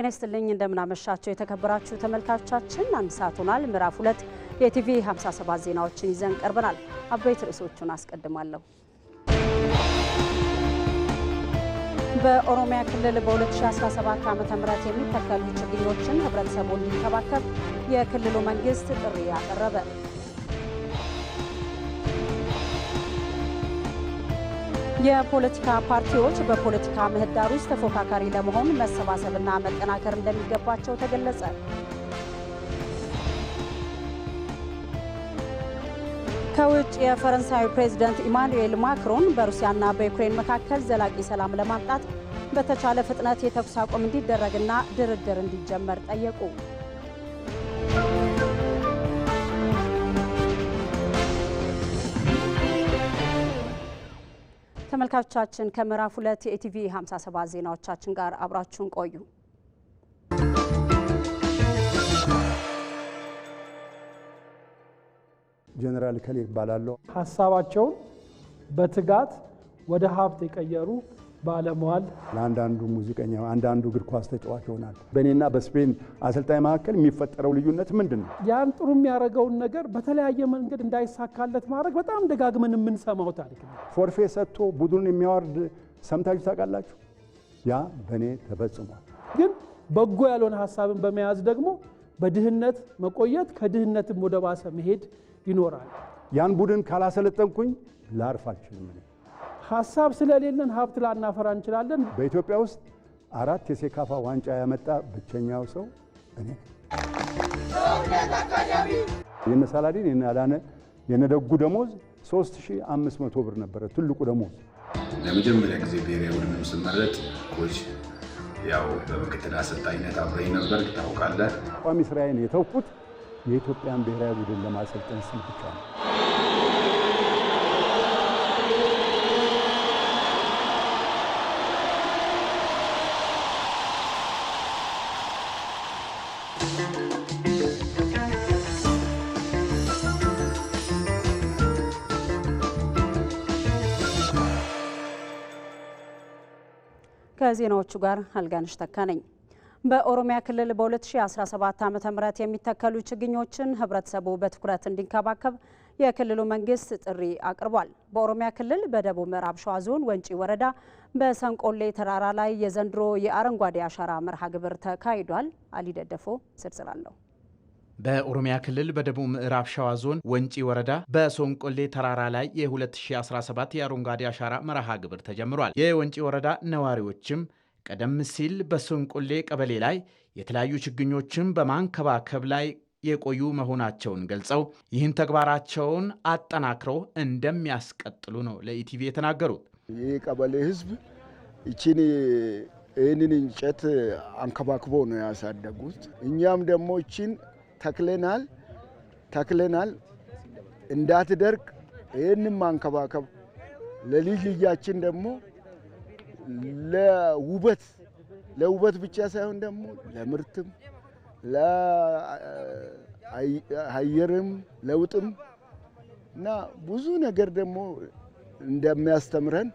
ጤና ይስጥልኝ እንደምናመሻቸው የተከበራችሁ ተመልካቾቻችን፣ አንድ ሰዓት ሆኗል። ምዕራፍ ሁለት የኢቲቪ 57 ዜናዎችን ይዘን ቀርበናል። አበይት ርዕሶቹን አስቀድማለሁ። በኦሮሚያ ክልል በ2017 ዓ ም የሚተከሉ ችግኞችን ህብረተሰቡ እንዲንከባከብ የክልሉ መንግስት ጥሪ አቀረበ። የፖለቲካ ፓርቲዎች በፖለቲካ ምህዳር ውስጥ ተፎካካሪ ለመሆን መሰባሰብና መጠናከር እንደሚገባቸው ተገለጸ። ከውጭ የፈረንሳዩ ፕሬዝደንት ኢማኑኤል ማክሮን በሩሲያና በዩክሬን መካከል ዘላቂ ሰላም ለማምጣት በተቻለ ፍጥነት የተኩስ አቁም እንዲደረግና ድርድር እንዲጀመር ጠየቁ። ተመልካቾቻችን ከምዕራፍ ሁለት የኢቲቪ 57 ዜናዎቻችን ጋር አብራችሁን ቆዩ። ጀነራል ከሌ ይባላለሁ። ሀሳባቸውን በትጋት ወደ ሀብት የቀየሩ ባለመዋል ለአንዳንዱ ሙዚቀኛ አንዳንዱ እግር ኳስ ተጫዋች ይሆናል። በእኔና በስፔን አሰልጣኝ መካከል የሚፈጠረው ልዩነት ምንድን ነው? ያን ጥሩ የሚያደርገውን ነገር በተለያየ መንገድ እንዳይሳካለት ማድረግ በጣም ደጋግመን የምንሰማው ታሪክ ነው። ፎርፌ ሰጥቶ ቡድኑን የሚያወርድ ሰምታችሁ ታውቃላችሁ? ያ በእኔ ተፈጽሟል። ግን በጎ ያልሆነ ሀሳብን በመያዝ ደግሞ በድህነት መቆየት ከድህነትም ወደ ባሰ መሄድ ይኖራል። ያን ቡድን ካላሰለጠንኩኝ ላርፍ አልችልም። ሀሳብ ስለሌለን ሀብት ላናፈራ እንችላለን። በኢትዮጵያ ውስጥ አራት የሴካፋ ዋንጫ ያመጣ ብቸኛው ሰው እኔ የነ ሳላዲን የነ አዳነ የነ ደጉ ደሞዝ 3500 ብር ነበረ ትልቁ ደሞዝ። ለመጀመሪያ ጊዜ ብሔራዊ ቡድንም ስመረጥ ኮች ያው በምክትል አሰልጣኝነት አብረኝ ነበር። ታውቃለህ፣ ቋሚ ስራዬን የተውኩት የኢትዮጵያን ብሔራዊ ቡድን ለማሰልጠን ስል ብቻ ነው። ከዜናዎቹ ጋር አልጋንሽ ተካ ነኝ። በኦሮሚያ ክልል በ2017 ዓ.ም የሚተከሉ ችግኞችን ህብረተሰቡ በትኩረት እንዲንከባከብ የክልሉ መንግስት ጥሪ አቅርቧል። በኦሮሚያ ክልል በደቡብ ምዕራብ ሸዋ ዞን ወንጪ ወረዳ በሰንቆሌ ተራራ ላይ የዘንድሮ የአረንጓዴ አሻራ መርሃ ግብር ተካሂዷል። አሊደደፎ ደደፎ ዝርዝር አለው። በኦሮሚያ ክልል በደቡብ ምዕራብ ሸዋ ዞን ወንጪ ወረዳ በሶንቆሌ ተራራ ላይ የ2017 የአረንጓዴ አሻራ መርሃ ግብር ተጀምሯል። የወንጪ ወረዳ ነዋሪዎችም ቀደም ሲል በሶንቆሌ ቀበሌ ላይ የተለያዩ ችግኞችን በማንከባከብ ላይ የቆዩ መሆናቸውን ገልጸው ይህን ተግባራቸውን አጠናክረው እንደሚያስቀጥሉ ነው ለኢቲቪ የተናገሩት። ይህ ቀበሌ ህዝብ ይችን ይህንን እንጨት አንከባክቦ ነው ያሳደጉት። እኛም ደግሞ ይችን ተክለናል ተክለናል እንዳትደርቅ ይህንም ማንከባከብ ለልጅ ልጃችን ደግሞ ለውበት ለውበት ብቻ ሳይሆን ደግሞ ለምርትም ለአየርም ለውጥም እና ብዙ ነገር ደግሞ እንደሚያስተምረን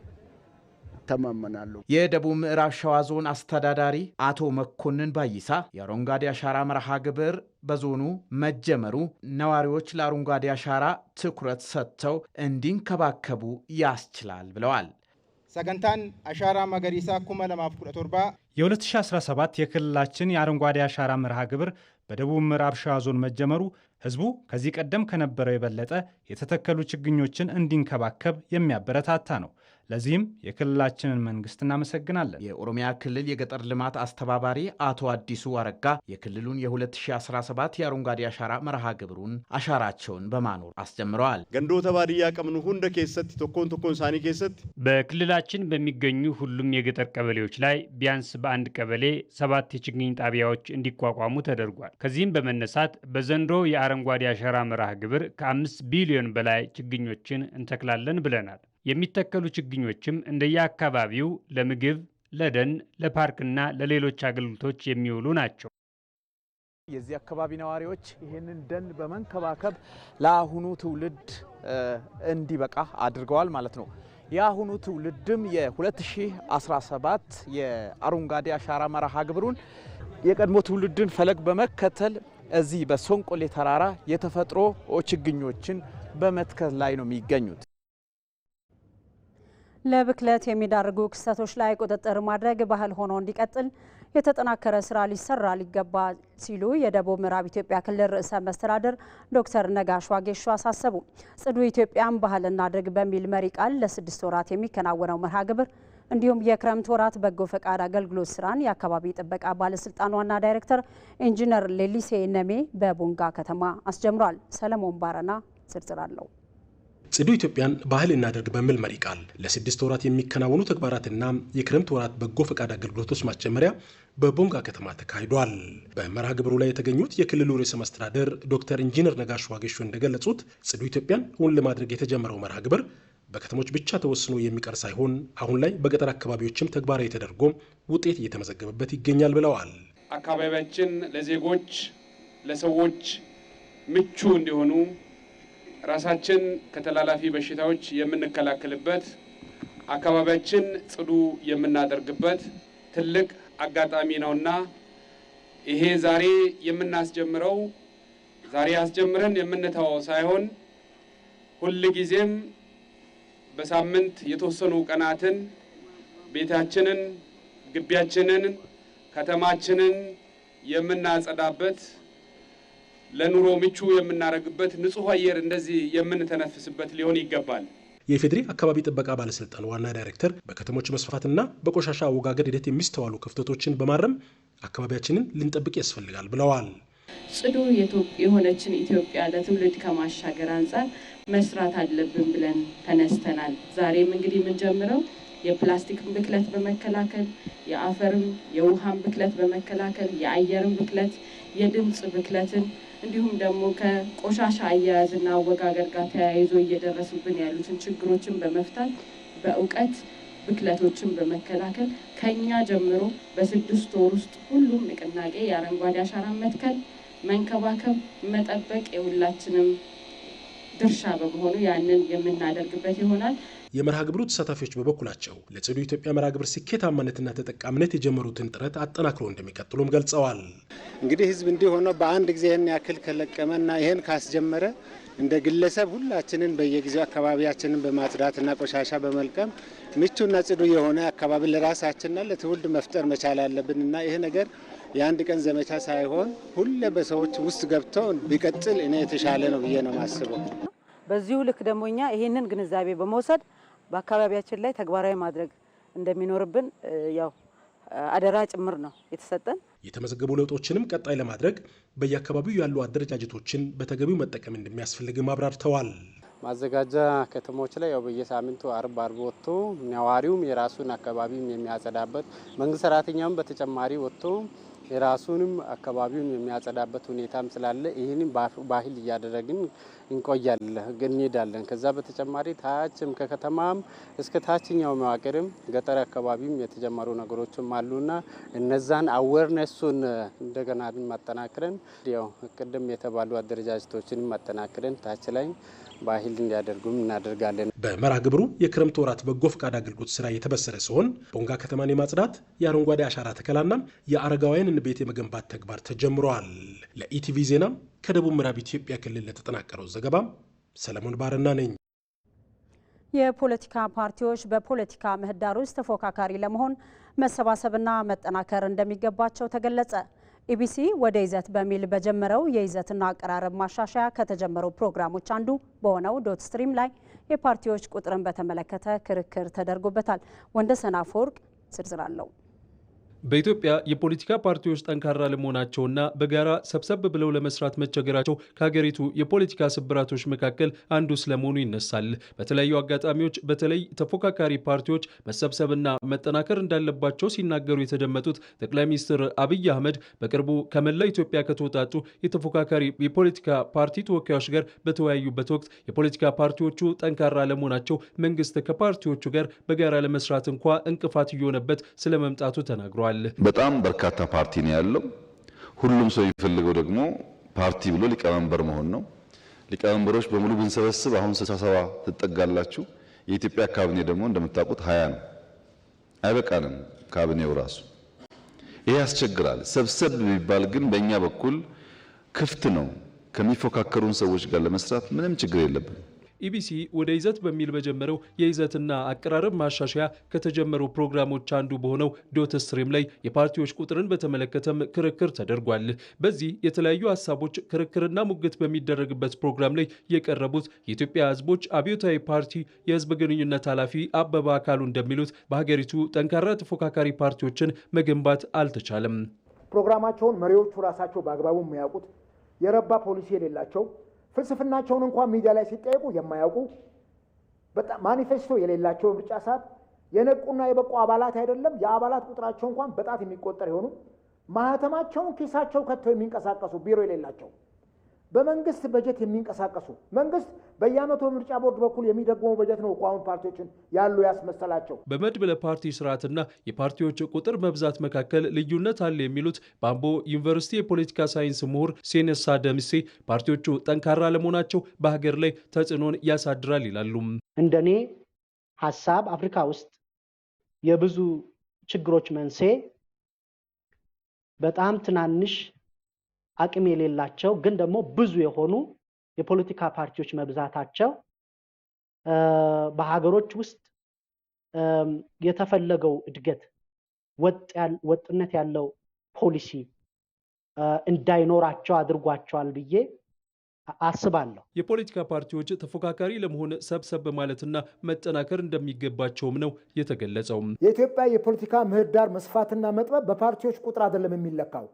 ይተማመናሉ። የደቡብ ምዕራብ ሸዋ ዞን አስተዳዳሪ አቶ መኮንን ባይሳ የአረንጓዴ አሻራ መርሃ ግብር በዞኑ መጀመሩ ነዋሪዎች ለአረንጓዴ አሻራ ትኩረት ሰጥተው እንዲንከባከቡ ያስችላል ብለዋል። ሰገንታን አሻራ መገሪሳ ኩመ ለማፍ ቁለቶርባ የ2017 የክልላችን የአረንጓዴ አሻራ መርሃ ግብር በደቡብ ምዕራብ ሸዋ ዞን መጀመሩ ህዝቡ ከዚህ ቀደም ከነበረው የበለጠ የተተከሉ ችግኞችን እንዲንከባከብ የሚያበረታታ ነው። ለዚህም የክልላችንን መንግስት እናመሰግናለን። የኦሮሚያ ክልል የገጠር ልማት አስተባባሪ አቶ አዲሱ አረጋ የክልሉን የ2017 የአረንጓዴ አሻራ መርሃ ግብሩን አሻራቸውን በማኖር አስጀምረዋል። ገንዶተ ባድያ ቀምኑ ሁንደ ኬሰት ቶኮን ቶኮን ሳኒ ኬሰት በክልላችን በሚገኙ ሁሉም የገጠር ቀበሌዎች ላይ ቢያንስ በአንድ ቀበሌ ሰባት የችግኝ ጣቢያዎች እንዲቋቋሙ ተደርጓል። ከዚህም በመነሳት በዘንድሮ የአረንጓዴ አሻራ መርሃ ግብር ከአምስት ቢሊዮን በላይ ችግኞችን እንተክላለን ብለናል። የሚተከሉ ችግኞችም እንደየአካባቢው ለምግብ፣ ለደን፣ ለፓርክና ለሌሎች አገልግሎቶች የሚውሉ ናቸው። የዚህ አካባቢ ነዋሪዎች ይህንን ደን በመንከባከብ ለአሁኑ ትውልድ እንዲበቃ አድርገዋል ማለት ነው። የአሁኑ ትውልድም የ2017 የአረንጓዴ አሻራ መርሃ ግብሩን የቀድሞ ትውልድን ፈለግ በመከተል እዚህ በሶንቆሌ ተራራ የተፈጥሮ ችግኞችን በመትከል ላይ ነው የሚገኙት። ለብክለት የሚዳርጉ ክስተቶች ላይ ቁጥጥር ማድረግ ባህል ሆኖ እንዲቀጥል የተጠናከረ ስራ ሊሰራ ሊገባ ሲሉ የደቡብ ምዕራብ ኢትዮጵያ ክልል ርዕሰ መስተዳደር ዶክተር ነጋሽ ዋጌሾ አሳሰቡ። ጽዱ ኢትዮጵያን ባህል እናድርግ በሚል መሪ ቃል ለስድስት ወራት የሚከናወነው መርሃ ግብር እንዲሁም የክረምት ወራት በጎ ፈቃድ አገልግሎት ስራን የአካባቢ ጥበቃ ባለስልጣን ዋና ዳይሬክተር ኢንጂነር ሌሊሴ ነሜ በቦንጋ ከተማ አስጀምሯል። ሰለሞን ባረና ዝርዝር አለው። ጽዱ ኢትዮጵያን ባህል እናደርግ በሚል መሪ ቃል ለስድስት ወራት የሚከናወኑ ተግባራትና የክረምት ወራት በጎ ፈቃድ አገልግሎቶች ማስጀመሪያ በቦንጋ ከተማ ተካሂዷል። በመርሃ ግብሩ ላይ የተገኙት የክልሉ ርዕሰ መስተዳደር ዶክተር ኢንጂነር ነጋሽ ዋጌሾ እንደገለጹት ጽዱ ኢትዮጵያን እውን ለማድረግ የተጀመረው መርሃ ግብር በከተሞች ብቻ ተወስኖ የሚቀር ሳይሆን አሁን ላይ በገጠር አካባቢዎችም ተግባራዊ ተደርጎ ውጤት እየተመዘገበበት ይገኛል ብለዋል። አካባቢያችን ለዜጎች ለሰዎች ምቹ እንዲሆኑ ራሳችን ከተላላፊ በሽታዎች የምንከላከልበት አካባቢያችን ጽዱ የምናደርግበት ትልቅ አጋጣሚ ነውና ይሄ ዛሬ የምናስጀምረው ዛሬ አስጀምረን የምንተወው ሳይሆን ሁል ጊዜም በሳምንት የተወሰኑ ቀናትን ቤታችንን፣ ግቢያችንን፣ ከተማችንን የምናጸዳበት ለኑሮ ምቹ የምናደርግበት ንጹህ አየር እንደዚህ የምንተነፍስበት ሊሆን ይገባል። የኢፌዴሪ አካባቢ ጥበቃ ባለስልጣን ዋና ዳይሬክተር በከተሞች መስፋፋትና በቆሻሻ አወጋገድ ሂደት የሚስተዋሉ ክፍተቶችን በማረም አካባቢያችንን ልንጠብቅ ያስፈልጋል ብለዋል። ጽዱ የሆነችን ኢትዮጵያ ለትውልድ ከማሻገር አንጻር መስራት አለብን ብለን ተነስተናል። ዛሬም እንግዲህ የምንጀምረው የፕላስቲክን ብክለት በመከላከል የአፈርም የውሃን ብክለት በመከላከል የአየርን ብክለት የድምፅ ብክለትን እንዲሁም ደግሞ ከቆሻሻ አያያዝና አወጋገር ጋር ተያይዞ እየደረሱብን ያሉትን ችግሮችን በመፍታት በእውቀት ብክለቶችን በመከላከል ከኛ ጀምሮ በስድስት ወር ውስጥ ሁሉም ንቅናቄ የአረንጓዴ አሻራ መትከል፣ መንከባከብ፣ መጠበቅ የሁላችንም ድርሻ በመሆኑ ያንን የምናደርግበት ይሆናል። የመርሃ ግብሩ ተሳታፊዎች በበኩላቸው ለጽዱ ኢትዮጵያ መርሃ ግብር ስኬታማነትና ተጠቃሚነት የጀመሩትን ጥረት አጠናክሮ እንደሚቀጥሉም ገልጸዋል። እንግዲህ ህዝብ እንዲህ ሆኖ በአንድ ጊዜ ይህን ያክል ከለቀመና ይህን ካስጀመረ እንደ ግለሰብ ሁላችንን በየጊዜው አካባቢያችንን በማጽዳትና ቆሻሻ በመልቀም ምቹና ጽዱ የሆነ አካባቢ ለራሳችንና ለትውልድ መፍጠር መቻል አለብንና ይሄ ነገር የአንድ ቀን ዘመቻ ሳይሆን ሁሌ በሰዎች ውስጥ ገብቶ ቢቀጥል እኔ የተሻለ ነው ብዬ ነው ማስበው። በዚሁ ልክ ደግሞ እኛ ይህንን ግንዛቤ በመውሰድ በአካባቢያችን ላይ ተግባራዊ ማድረግ እንደሚኖርብን ያው አደራ ጭምር ነው የተሰጠን። የተመዘገቡ ለውጦችንም ቀጣይ ለማድረግ በየአካባቢው ያሉ አደረጃጀቶችን በተገቢው መጠቀም እንደሚያስፈልግም አብራርተዋል። ማዘጋጃ ከተሞች ላይ ያው በየሳምንቱ አርብ አርብ ወጥቶ ነዋሪውም የራሱን አካባቢም የሚያጸዳበት መንግስት ሰራተኛውም በተጨማሪ ወጥቶ የራሱንም አካባቢውን የሚያጸዳበት ሁኔታም ስላለ ይህንን ባህል እያደረግን እንቆያለን እንሄዳለን። ከዛ በተጨማሪ ታችም ከከተማም እስከ ታችኛው መዋቅርም ገጠር አካባቢም የተጀመሩ ነገሮችም አሉና እነዛን አዌርነሱን እንደገና ማጠናክረን ያው ቅድም የተባሉ አደረጃጀቶችን ማጠናክረን ታች ላይ ባህል እንዲያደርጉም እናደርጋለን። በመርሃ ግብሩ የክረምት ወራት በጎ ፈቃድ አገልግሎት ስራ እየተበሰረ ሲሆን ቦንጋ ከተማን የማጽዳት የአረንጓዴ አሻራ ተከላና የአረጋውያንን ቤት የመገንባት ተግባር ተጀምረዋል። ለኢቲቪ ዜና ከደቡብ ምዕራብ ኢትዮጵያ ክልል ለተጠናቀረው ዘገባ ሰለሞን ባረና ነኝ። የፖለቲካ ፓርቲዎች በፖለቲካ ምህዳር ውስጥ ተፎካካሪ ለመሆን መሰባሰብና መጠናከር እንደሚገባቸው ተገለጸ። ኢቢሲ ወደ ይዘት በሚል በጀመረው የይዘትና አቀራረብ ማሻሻያ ከተጀመሩ ፕሮግራሞች አንዱ በሆነው ዶት ስትሪም ላይ የፓርቲዎች ቁጥርን በተመለከተ ክርክር ተደርጎበታል። ወንደሰን አፈወርቅ ዝርዝር አለው። በኢትዮጵያ የፖለቲካ ፓርቲዎች ጠንካራ ለመሆናቸውና በጋራ ሰብሰብ ብለው ለመስራት መቸገራቸው ከሀገሪቱ የፖለቲካ ስብራቶች መካከል አንዱ ስለመሆኑ ይነሳል። በተለያዩ አጋጣሚዎች በተለይ ተፎካካሪ ፓርቲዎች መሰብሰብና መጠናከር እንዳለባቸው ሲናገሩ የተደመጡት ጠቅላይ ሚኒስትር አብይ አህመድ በቅርቡ ከመላ ኢትዮጵያ ከተውጣጡ የተፎካካሪ የፖለቲካ ፓርቲ ተወካዮች ጋር በተወያዩበት ወቅት የፖለቲካ ፓርቲዎቹ ጠንካራ ለመሆናቸው መንግስት ከፓርቲዎቹ ጋር በጋራ ለመስራት እንኳ እንቅፋት እየሆነበት ስለመምጣቱ ተናግረዋል። ይኖራል። በጣም በርካታ ፓርቲ ነው ያለው። ሁሉም ሰው የሚፈልገው ደግሞ ፓርቲ ብሎ ሊቀመንበር መሆን ነው። ሊቀመንበሮች በሙሉ ብንሰበስብ አሁን 67 ሰባ ትጠጋላችሁ። የኢትዮጵያ ካቢኔ ደግሞ እንደምታውቁት ሀያ ነው። አይበቃንም ካቢኔው ራሱ ይሄ ያስቸግራል። ሰብሰብ ቢባል ግን በእኛ በኩል ክፍት ነው። ከሚፎካከሩን ሰዎች ጋር ለመስራት ምንም ችግር የለብንም። ኢቢሲ ወደ ይዘት በሚል በጀመረው የይዘትና አቀራረብ ማሻሻያ ከተጀመሩ ፕሮግራሞች አንዱ በሆነው ዶት ስትሪም ላይ የፓርቲዎች ቁጥርን በተመለከተም ክርክር ተደርጓል። በዚህ የተለያዩ ሀሳቦች ክርክርና ሙግት በሚደረግበት ፕሮግራም ላይ የቀረቡት የኢትዮጵያ ሕዝቦች አብዮታዊ ፓርቲ የህዝብ ግንኙነት ኃላፊ አበባ አካሉ እንደሚሉት በሀገሪቱ ጠንካራ ተፎካካሪ ፓርቲዎችን መገንባት አልተቻለም። ፕሮግራማቸውን መሪዎቹ ራሳቸው በአግባቡ የሚያውቁት የረባ ፖሊሲ የሌላቸው ፍልስፍናቸውን እንኳን ሚዲያ ላይ ሲጠየቁ የማያውቁ በጣም ማኒፌስቶ የሌላቸው ምርጫ ሰዓት የነቁና የበቁ አባላት አይደለም የአባላት ቁጥራቸው እንኳን በጣት የሚቆጠር የሆኑ ማህተማቸውን ኪሳቸው ከተው የሚንቀሳቀሱ ቢሮ የሌላቸው በመንግስት በጀት የሚንቀሳቀሱ መንግስት በየዓመቱ ምርጫ ቦርድ በኩል የሚደጎመው በጀት ነው እኮ አሁን ፓርቲዎችን ያሉ ያስመሰላቸው። በመድብለ ፓርቲ ስርዓትና የፓርቲዎች ቁጥር መብዛት መካከል ልዩነት አለ የሚሉት በአምቦ ዩኒቨርሲቲ የፖለቲካ ሳይንስ ምሁር ሴነሳ ደምሴ ፓርቲዎቹ ጠንካራ ለመሆናቸው በሀገር ላይ ተጽዕኖን ያሳድራል ይላሉ። እንደኔ ሀሳብ አፍሪካ ውስጥ የብዙ ችግሮች መንሴ በጣም ትናንሽ አቅም የሌላቸው ግን ደግሞ ብዙ የሆኑ የፖለቲካ ፓርቲዎች መብዛታቸው በሀገሮች ውስጥ የተፈለገው እድገት ወጥነት ያለው ፖሊሲ እንዳይኖራቸው አድርጓቸዋል ብዬ አስባለሁ። የፖለቲካ ፓርቲዎች ተፎካካሪ ለመሆን ሰብሰብ ማለትና መጠናከር እንደሚገባቸውም ነው የተገለጸው። የኢትዮጵያ የፖለቲካ ምህዳር መስፋትና መጥበብ በፓርቲዎች ቁጥር አይደለም የሚለካው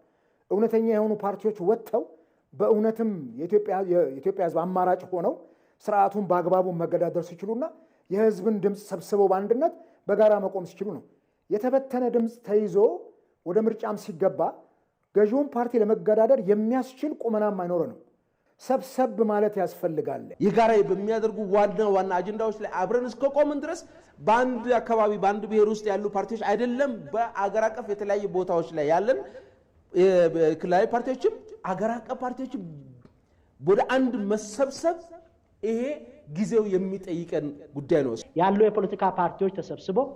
እውነተኛ የሆኑ ፓርቲዎች ወጥተው በእውነትም የኢትዮጵያ ሕዝብ አማራጭ ሆነው ስርዓቱን በአግባቡ መገዳደር ሲችሉና የሕዝብን ድምፅ ሰብስበው በአንድነት በጋራ መቆም ሲችሉ ነው። የተበተነ ድምፅ ተይዞ ወደ ምርጫም ሲገባ ገዢውን ፓርቲ ለመገዳደር የሚያስችል ቁመናም አይኖረ ነው። ሰብሰብ ማለት ያስፈልጋል። ይህ በሚያደርጉ ዋና ዋና አጀንዳዎች ላይ አብረን እስከቆምን ድረስ በአንድ አካባቢ በአንድ ብሔር ውስጥ ያሉ ፓርቲዎች አይደለም፣ በአገር አቀፍ የተለያዩ ቦታዎች ላይ ያለን ክልላዊ ፓርቲዎችም አገር አቀፍ ፓርቲዎችም ወደ አንድ መሰብሰብ ይሄ ጊዜው የሚጠይቀን ጉዳይ ነው። ያሉ የፖለቲካ ፓርቲዎች ተሰብስበው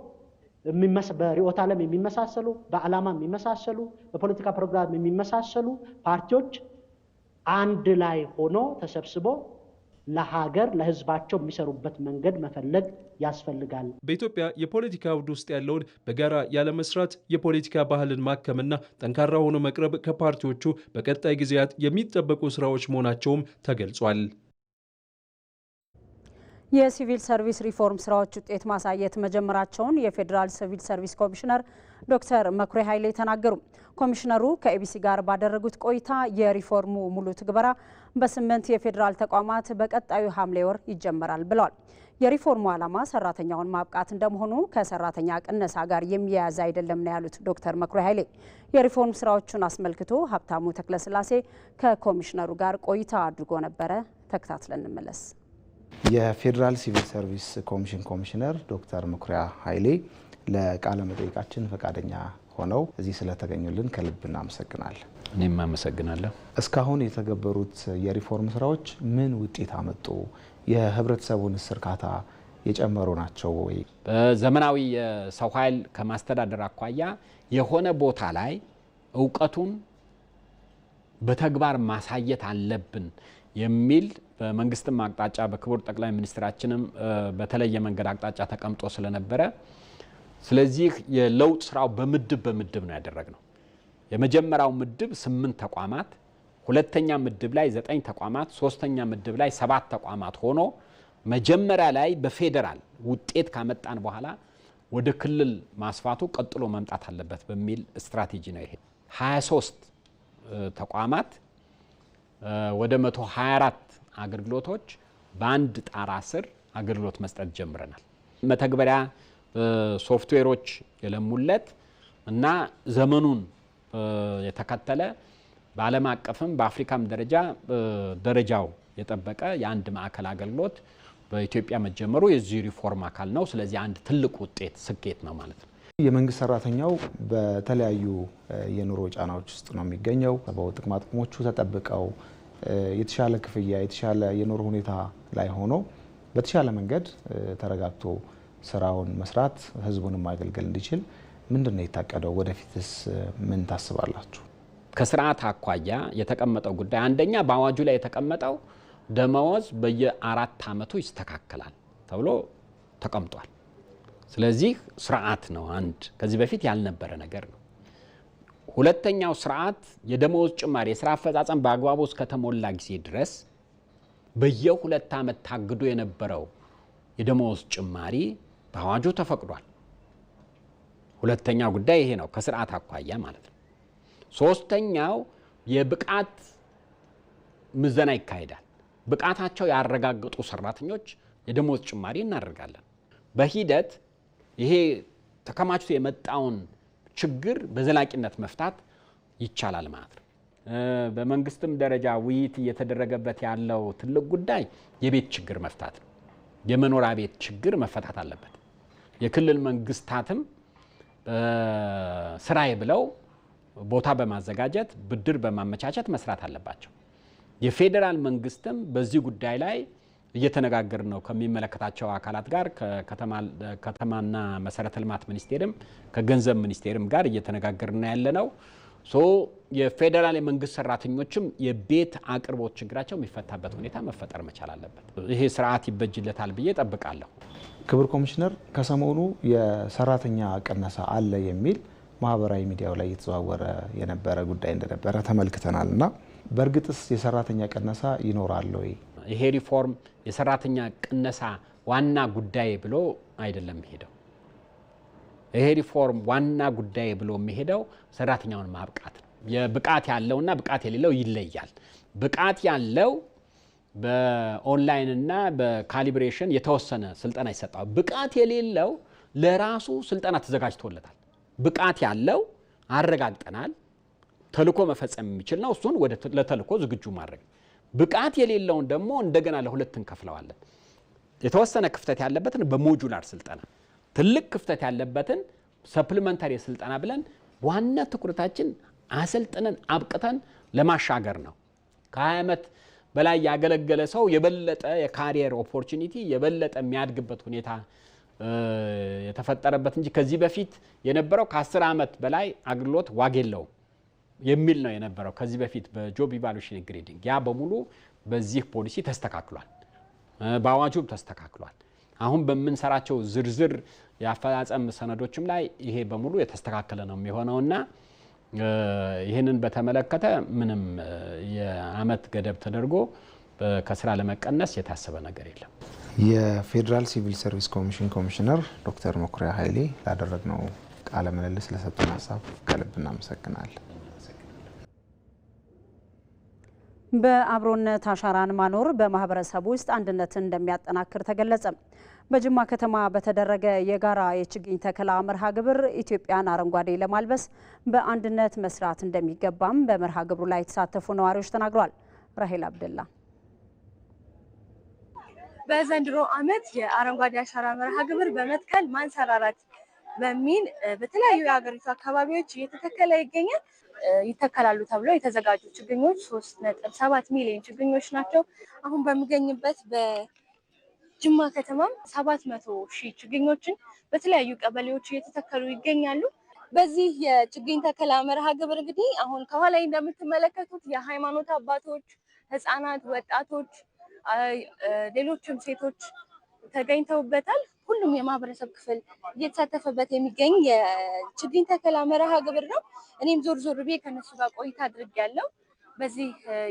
በርዕዮተ ዓለም የሚመሳሰሉ በዓላማ የሚመሳሰሉ በፖለቲካ ፕሮግራም የሚመሳሰሉ ፓርቲዎች አንድ ላይ ሆኖ ተሰብስቦ ለሀገር ለህዝባቸው የሚሰሩበት መንገድ መፈለግ ያስፈልጋል። በኢትዮጵያ የፖለቲካ አውድ ውስጥ ያለውን በጋራ ያለመስራት የፖለቲካ ባህልን ማከምና ጠንካራ ሆኖ መቅረብ ከፓርቲዎቹ በቀጣይ ጊዜያት የሚጠበቁ ስራዎች መሆናቸውም ተገልጿል። የሲቪል ሰርቪስ ሪፎርም ስራዎች ውጤት ማሳየት መጀመራቸውን የፌዴራል ሲቪል ሰርቪስ ኮሚሽነር ዶክተር መኩሬ ኃይሌ ተናገሩ። ኮሚሽነሩ ከኤቢሲ ጋር ባደረጉት ቆይታ የሪፎርሙ ሙሉ ትግበራ በስምንት የፌዴራል ተቋማት በቀጣዩ ሐምሌ ወር ይጀመራል ብለዋል። የሪፎርሙ ዓላማ ሰራተኛውን ማብቃት እንደመሆኑ ከሰራተኛ ቅነሳ ጋር የሚያያዝ አይደለም ነው ያሉት ዶክተር መኩሬ ኃይሌ። የሪፎርም ስራዎቹን አስመልክቶ ሀብታሙ ተክለስላሴ ከኮሚሽነሩ ጋር ቆይታ አድርጎ ነበረ። ተከታትለን እንመለስ። የፌዴራል ሲቪል ሰርቪስ ኮሚሽን ኮሚሽነር ዶክተር መኩሪያ ኃይሌ ለቃለ መጠይቃችን ፈቃደኛ ሆነው እዚህ ስለተገኙልን ከልብ እናመሰግናለን። እኔም አመሰግናለሁ። እስካሁን የተገበሩት የሪፎርም ስራዎች ምን ውጤት አመጡ? የህብረተሰቡን እርካታ የጨመሩ ናቸው ወይ? በዘመናዊ የሰው ኃይል ከማስተዳደር አኳያ የሆነ ቦታ ላይ እውቀቱን በተግባር ማሳየት አለብን። የሚል በመንግስትም አቅጣጫ በክቡር ጠቅላይ ሚኒስትራችንም በተለየ መንገድ አቅጣጫ ተቀምጦ ስለነበረ ስለዚህ የለውጥ ስራው በምድብ በምድብ ነው ያደረግነው። የመጀመሪያው ምድብ ስምንት ተቋማት፣ ሁለተኛ ምድብ ላይ ዘጠኝ ተቋማት፣ ሶስተኛ ምድብ ላይ ሰባት ተቋማት ሆኖ መጀመሪያ ላይ በፌዴራል ውጤት ካመጣን በኋላ ወደ ክልል ማስፋቱ ቀጥሎ መምጣት አለበት በሚል ስትራቴጂ ነው ይሄ 23 ተቋማት ወደ 124 አገልግሎቶች በአንድ ጣራ ስር አገልግሎት መስጠት ጀምረናል። መተግበሪያ ሶፍትዌሮች የለሙለት እና ዘመኑን የተከተለ በዓለም አቀፍም በአፍሪካም ደረጃ ደረጃው የጠበቀ የአንድ ማዕከል አገልግሎት በኢትዮጵያ መጀመሩ የዚህ ሪፎርም አካል ነው። ስለዚህ አንድ ትልቅ ውጤት ስኬት ነው ማለት ነው። የመንግስት ሰራተኛው በተለያዩ የኑሮ ጫናዎች ውስጥ ነው የሚገኘው። ጥቅማ ጥቅሞቹ ተጠብቀው የተሻለ ክፍያ፣ የተሻለ የኑሮ ሁኔታ ላይ ሆኖ በተሻለ መንገድ ተረጋግቶ ስራውን መስራት ህዝቡንም ማገልገል እንዲችል ምንድን ነው የታቀደው? ወደፊትስ ምን ታስባላችሁ? ከስርዓት አኳያ የተቀመጠው ጉዳይ አንደኛ በአዋጁ ላይ የተቀመጠው ደመወዝ በየአራት ዓመቱ ይስተካከላል ተብሎ ተቀምጧል። ስለዚህ ስርዓት ነው። አንድ ከዚህ በፊት ያልነበረ ነገር ነው። ሁለተኛው ስርዓት የደመወዝ ጭማሪ የስራ አፈጻጸም በአግባቡ እስከተሞላ ጊዜ ድረስ በየሁለት ዓመት ታግዶ የነበረው የደመወዝ ጭማሪ በአዋጁ ተፈቅዷል። ሁለተኛው ጉዳይ ይሄ ነው፣ ከስርዓት አኳያ ማለት ነው። ሶስተኛው የብቃት ምዘና ይካሄዳል። ብቃታቸው ያረጋገጡ ሰራተኞች የደመወዝ ጭማሪ እናደርጋለን በሂደት ይሄ ተከማችቶ የመጣውን ችግር በዘላቂነት መፍታት ይቻላል ማለት ነው። በመንግስትም ደረጃ ውይይት እየተደረገበት ያለው ትልቅ ጉዳይ የቤት ችግር መፍታት ነው። የመኖሪያ ቤት ችግር መፈታት አለበት። የክልል መንግስታትም ስራዬ ብለው ቦታ በማዘጋጀት ብድር በማመቻቸት መስራት አለባቸው። የፌዴራል መንግስትም በዚህ ጉዳይ ላይ እየተነጋገር ነው ከሚመለከታቸው አካላት ጋር ከከተማና መሰረተ ልማት ሚኒስቴርም ከገንዘብ ሚኒስቴርም ጋር እየተነጋገርና ያለ ነው። ሶ የፌዴራል የመንግስት ሰራተኞችም የቤት አቅርቦት ችግራቸው የሚፈታበት ሁኔታ መፈጠር መቻል አለበት። ይሄ ስርዓት ይበጅለታል ብዬ ጠብቃለሁ። ክቡር ኮሚሽነር፣ ከሰሞኑ የሰራተኛ ቅነሳ አለ የሚል ማህበራዊ ሚዲያው ላይ እየተዘዋወረ የነበረ ጉዳይ እንደነበረ ተመልክተናል እና በእርግጥስ የሰራተኛ ቅነሳ ይኖራል ወይ? ይሄ ሪፎርም የሰራተኛ ቅነሳ ዋና ጉዳይ ብሎ አይደለም የሚሄደው። ይሄ ሪፎርም ዋና ጉዳይ ብሎ የሚሄደው ሰራተኛውን ማብቃት ነው። የብቃት ያለውና ብቃት የሌለው ይለያል። ብቃት ያለው በኦንላይን እና በካሊብሬሽን የተወሰነ ስልጠና ይሰጠዋል። ብቃት የሌለው ለራሱ ስልጠና ተዘጋጅቶለታል። ብቃት ያለው አረጋግጠናል፣ ተልኮ መፈጸም የሚችል ነው። እሱን ለተልኮ ዝግጁ ማድረግ ብቃት የሌለውን ደግሞ እንደገና ለሁለት እንከፍለዋለን። የተወሰነ ክፍተት ያለበትን በሞጁላር ስልጠና፣ ትልቅ ክፍተት ያለበትን ሰፕሊመንታሪ ስልጠና ብለን ዋና ትኩረታችን አሰልጥነን አብቅተን ለማሻገር ነው። ከ20 ዓመት በላይ ያገለገለ ሰው የበለጠ የካሪየር ኦፖርቹኒቲ የበለጠ የሚያድግበት ሁኔታ የተፈጠረበት እንጂ ከዚህ በፊት የነበረው ከ10 ዓመት በላይ አገልግሎት ዋጋ የለውም። የሚል ነው የነበረው ከዚህ በፊት በጆብ ኢቫሉሽን ግሬዲንግ። ያ በሙሉ በዚህ ፖሊሲ ተስተካክሏል፣ በአዋጁም ተስተካክሏል። አሁን በምንሰራቸው ዝርዝር የአፈጻጸም ሰነዶችም ላይ ይሄ በሙሉ የተስተካከለ ነው የሚሆነው እና ይህንን በተመለከተ ምንም የአመት ገደብ ተደርጎ ከስራ ለመቀነስ የታሰበ ነገር የለም። የፌዴራል ሲቪል ሰርቪስ ኮሚሽን ኮሚሽነር ዶክተር መኩሪያ ኃይሌ ላደረግነው ቃለ ምልልስ ለሰጡን ሀሳብ ከልብ እናመሰግናለን። በአብሮነት አሻራን ማኖር በማህበረሰብ ውስጥ አንድነትን እንደሚያጠናክር ተገለጸ። በጅማ ከተማ በተደረገ የጋራ የችግኝ ተከላ መርሃ ግብር ኢትዮጵያን አረንጓዴ ለማልበስ በአንድነት መስራት እንደሚገባም በመርሃ ግብሩ ላይ የተሳተፉ ነዋሪዎች ተናግረዋል። ራሄል አብደላ በዘንድሮ ዓመት የአረንጓዴ አሻራ መርሃ ግብር በመትከል ማንሰራራት በሚል በተለያዩ የሀገሪቱ አካባቢዎች እየተተከለ ይገኛል። ይተከላሉ ተብሎ የተዘጋጁ ችግኞች ሶስት ነጥብ ሰባት ሚሊዮን ችግኞች ናቸው። አሁን በሚገኝበት በጅማ ከተማም ሰባት መቶ ሺህ ችግኞችን በተለያዩ ቀበሌዎች እየተተከሉ ይገኛሉ። በዚህ የችግኝ ተከላ መርሃ ግብር እንግዲህ አሁን ከኋላ እንደምትመለከቱት የሃይማኖት አባቶች፣ ህፃናት፣ ወጣቶች፣ ሌሎችም ሴቶች ተገኝተውበታል። ሁሉም የማህበረሰብ ክፍል እየተሳተፈበት የሚገኝ የችግኝ ተከላ መርሃ ግብር ነው። እኔም ዞር ዞር ቤ ከነሱ ጋር ቆይታ ያለው በዚህ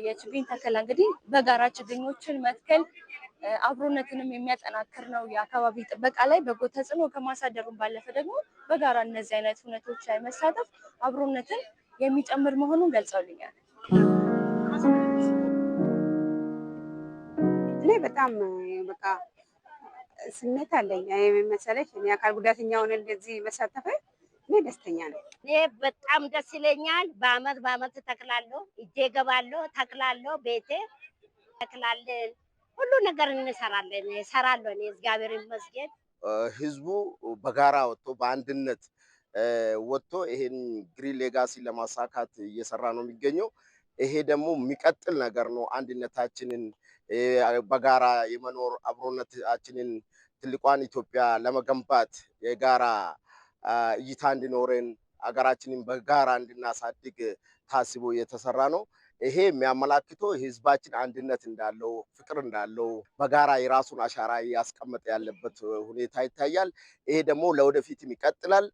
የችግኝ ተከላ እንግዲህ በጋራ ችግኞችን መትከል አብሮነትንም የሚያጠናክር ነው። የአካባቢ ጥበቃ ላይ በጎ ተጽዕኖ ከማሳደሩን ባለፈ ደግሞ በጋራ እነዚህ አይነት እውነቶች ላይ መሳተፍ አብሮነትን የሚጨምር መሆኑን ገልጸውልኛል። እኔ በጣም በቃ ስሜት አለኝ መሰለሽ። እኔ አካል ጉዳተኛ ሆነ እንደዚህ መሳተፈ እኔ ደስተኛ ነኝ። እኔ በጣም ደስ ይለኛል። በአመት በአመት ተክላለሁ፣ እጄ ገባለሁ፣ ተክላለሁ፣ ቤቴ ተክላለን፣ ሁሉ ነገር እንሰራለን፣ እሰራለሁ። እኔ እግዚአብሔር ይመስገን። ህዝቡ በጋራ ወጥቶ በአንድነት ወጥቶ ይሄን ግሪን ሌጋሲ ለማሳካት እየሰራ ነው የሚገኘው። ይሄ ደግሞ የሚቀጥል ነገር ነው። አንድነታችንን በጋራ የመኖር አብሮነታችንን ትልቋን ኢትዮጵያ ለመገንባት የጋራ እይታ እንዲኖረን አገራችንን በጋራ እንድናሳድግ ታስቦ የተሰራ ነው። ይሄ የሚያመላክተው የህዝባችን አንድነት እንዳለው ፍቅር እንዳለው በጋራ የራሱን አሻራ እያስቀመጠ ያለበት ሁኔታ ይታያል። ይሄ ደግሞ ለወደፊትም ይቀጥላል።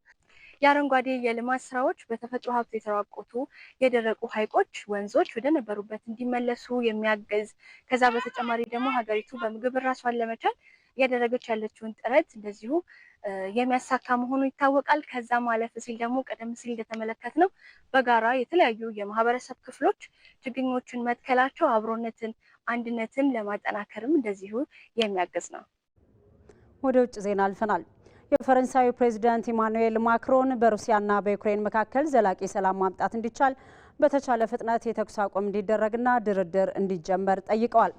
የአረንጓዴ የልማት ስራዎች በተፈጥሮ ሀብት የተራቆቱ የደረቁ ሐይቆች፣ ወንዞች ወደ ነበሩበት እንዲመለሱ የሚያገዝ ከዛ በተጨማሪ ደግሞ ሀገሪቱ በምግብ ራሷን ለመቻል እያደረገች ያለችውን ጥረት እንደዚሁ የሚያሳካ መሆኑ ይታወቃል። ከዛ ማለፍ ሲል ደግሞ ቀደም ሲል እንደተመለከት ነው በጋራ የተለያዩ የማህበረሰብ ክፍሎች ችግኞችን መትከላቸው አብሮነትን፣ አንድነትን ለማጠናከርም እንደዚሁ የሚያግዝ ነው። ወደ ውጭ ዜና አልፈናል። የፈረንሳዩ ፕሬዚዳንት ኢማኑኤል ማክሮን በሩሲያና በዩክሬን መካከል ዘላቂ ሰላም ማምጣት እንዲቻል በተቻለ ፍጥነት የተኩስ አቁም እንዲደረግና ድርድር እንዲጀመር ጠይቀዋል።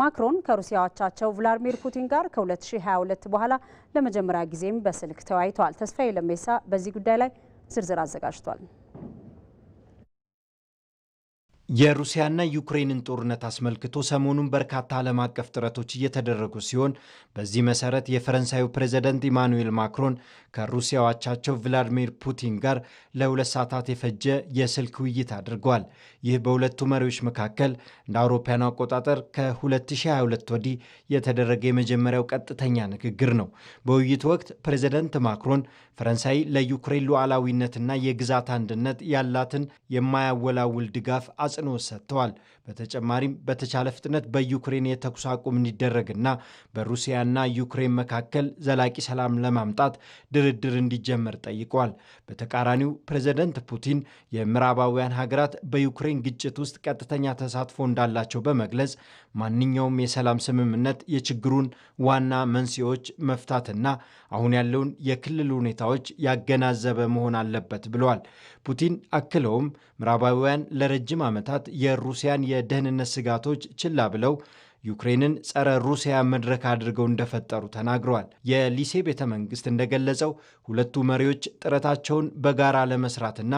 ማክሮን ከሩሲያ አቻቸው ቭላዲሚር ፑቲን ጋር ከ2022 በኋላ ለመጀመሪያ ጊዜም በስልክ ተወያይተዋል። ተስፋዬ ለሜሳ በዚህ ጉዳይ ላይ ዝርዝር አዘጋጅቷል። የሩሲያና ዩክሬንን ጦርነት አስመልክቶ ሰሞኑን በርካታ ዓለም አቀፍ ጥረቶች እየተደረጉ ሲሆን በዚህ መሰረት የፈረንሳዩ ፕሬዝደንት ኢማኑኤል ማክሮን ከሩሲያው አቻቸው ቭላዲሚር ፑቲን ጋር ለሁለት ሰዓታት የፈጀ የስልክ ውይይት አድርጓል። ይህ በሁለቱ መሪዎች መካከል እንደ አውሮፓውያን አቆጣጠር ከ2022 ወዲህ የተደረገ የመጀመሪያው ቀጥተኛ ንግግር ነው። በውይይቱ ወቅት ፕሬዝደንት ማክሮን ፈረንሳይ ለዩክሬን ሉዓላዊነትና የግዛት አንድነት ያላትን የማያወላውል ድጋፍ አጽንኦት ሰጥተዋል። በተጨማሪም በተቻለ ፍጥነት በዩክሬን የተኩስ አቁም እንዲደረግና በሩሲያና ዩክሬን መካከል ዘላቂ ሰላም ለማምጣት ድርድር እንዲጀመር ጠይቀዋል። በተቃራኒው ፕሬዝደንት ፑቲን የምዕራባውያን ሀገራት በዩክሬን ግጭት ውስጥ ቀጥተኛ ተሳትፎ እንዳላቸው በመግለጽ ማንኛውም የሰላም ስምምነት የችግሩን ዋና መንስኤዎች መፍታትና አሁን ያለውን የክልል ሁኔታዎች ያገናዘበ መሆን አለበት ብለዋል። ፑቲን አክለውም ምዕራባውያን ለረጅም ዓመታት የሩሲያን የደህንነት ስጋቶች ችላ ብለው ዩክሬንን ጸረ ሩሲያ መድረክ አድርገው እንደፈጠሩ ተናግረዋል። የሊሴ ቤተ መንግስት እንደገለጸው ሁለቱ መሪዎች ጥረታቸውን በጋራ ለመስራትና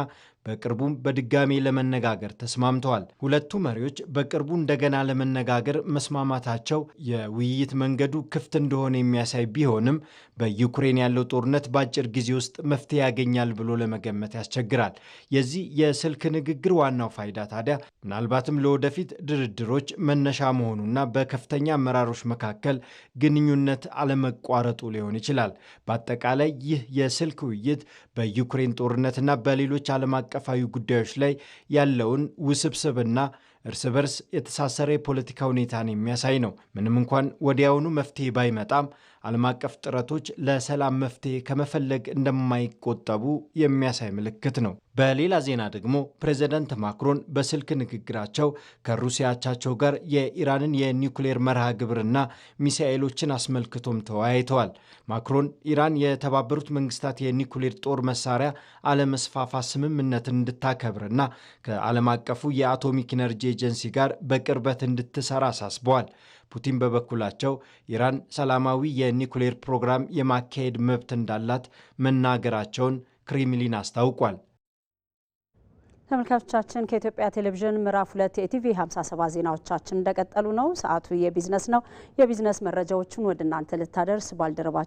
በቅርቡም በድጋሜ ለመነጋገር ተስማምተዋል። ሁለቱ መሪዎች በቅርቡ እንደገና ለመነጋገር መስማማታቸው የውይይት መንገዱ ክፍት እንደሆነ የሚያሳይ ቢሆንም በዩክሬን ያለው ጦርነት በአጭር ጊዜ ውስጥ መፍትሄ ያገኛል ብሎ ለመገመት ያስቸግራል። የዚህ የስልክ ንግግር ዋናው ፋይዳ ታዲያ ምናልባትም ለወደፊት ድርድሮች መነሻ መሆኑና በከፍተኛ አመራሮች መካከል ግንኙነት አለመቋረጡ ሊሆን ይችላል። በአጠቃላይ ይህ የስልክ ውይይት በዩክሬን ጦርነትና በሌሎች ዓለም አቀፍ አቀፋዊ ጉዳዮች ላይ ያለውን ውስብስብና እርስ በርስ የተሳሰረ የፖለቲካ ሁኔታን የሚያሳይ ነው። ምንም እንኳን ወዲያውኑ መፍትሄ ባይመጣም ዓለም አቀፍ ጥረቶች ለሰላም መፍትሄ ከመፈለግ እንደማይቆጠቡ የሚያሳይ ምልክት ነው። በሌላ ዜና ደግሞ ፕሬዝደንት ማክሮን በስልክ ንግግራቸው ከሩሲያ አቻቸው ጋር የኢራንን የኒውክሌር መርሃ ግብርና ሚሳኤሎችን አስመልክቶም ተወያይተዋል። ማክሮን ኢራን የተባበሩት መንግስታት የኒውክሌር ጦር መሳሪያ አለመስፋፋ ስምምነትን እንድታከብርና ከዓለም አቀፉ የአቶሚክ ኢነርጂ ኤጀንሲ ጋር በቅርበት እንድትሰራ አሳስበዋል። ፑቲን በበኩላቸው ኢራን ሰላማዊ የኒኩሌር ፕሮግራም የማካሄድ መብት እንዳላት መናገራቸውን ክሬምሊን አስታውቋል። ተመልካቾቻችን ከኢትዮጵያ ቴሌቪዥን ምዕራፍ ሁለት የቲቪ 57 ዜናዎቻችን እንደቀጠሉ ነው። ሰዓቱ የቢዝነስ ነው። የቢዝነስ መረጃዎችን ወደ እናንተ ልታደርስ ባልደረባቸው